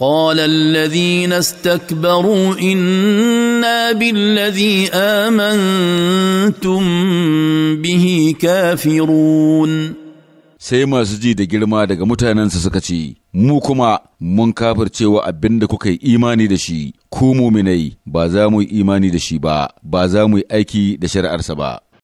قال الذين استكبروا انا بالذي امنتم به كافرون sai masu ji da girma daga mutanensa suka ce mu kuma mun kafircewa abin da kuka yi imani da shi ku muminai ba za mu yi imani da shi ba ba za mu yi aiki da shari'arsa ba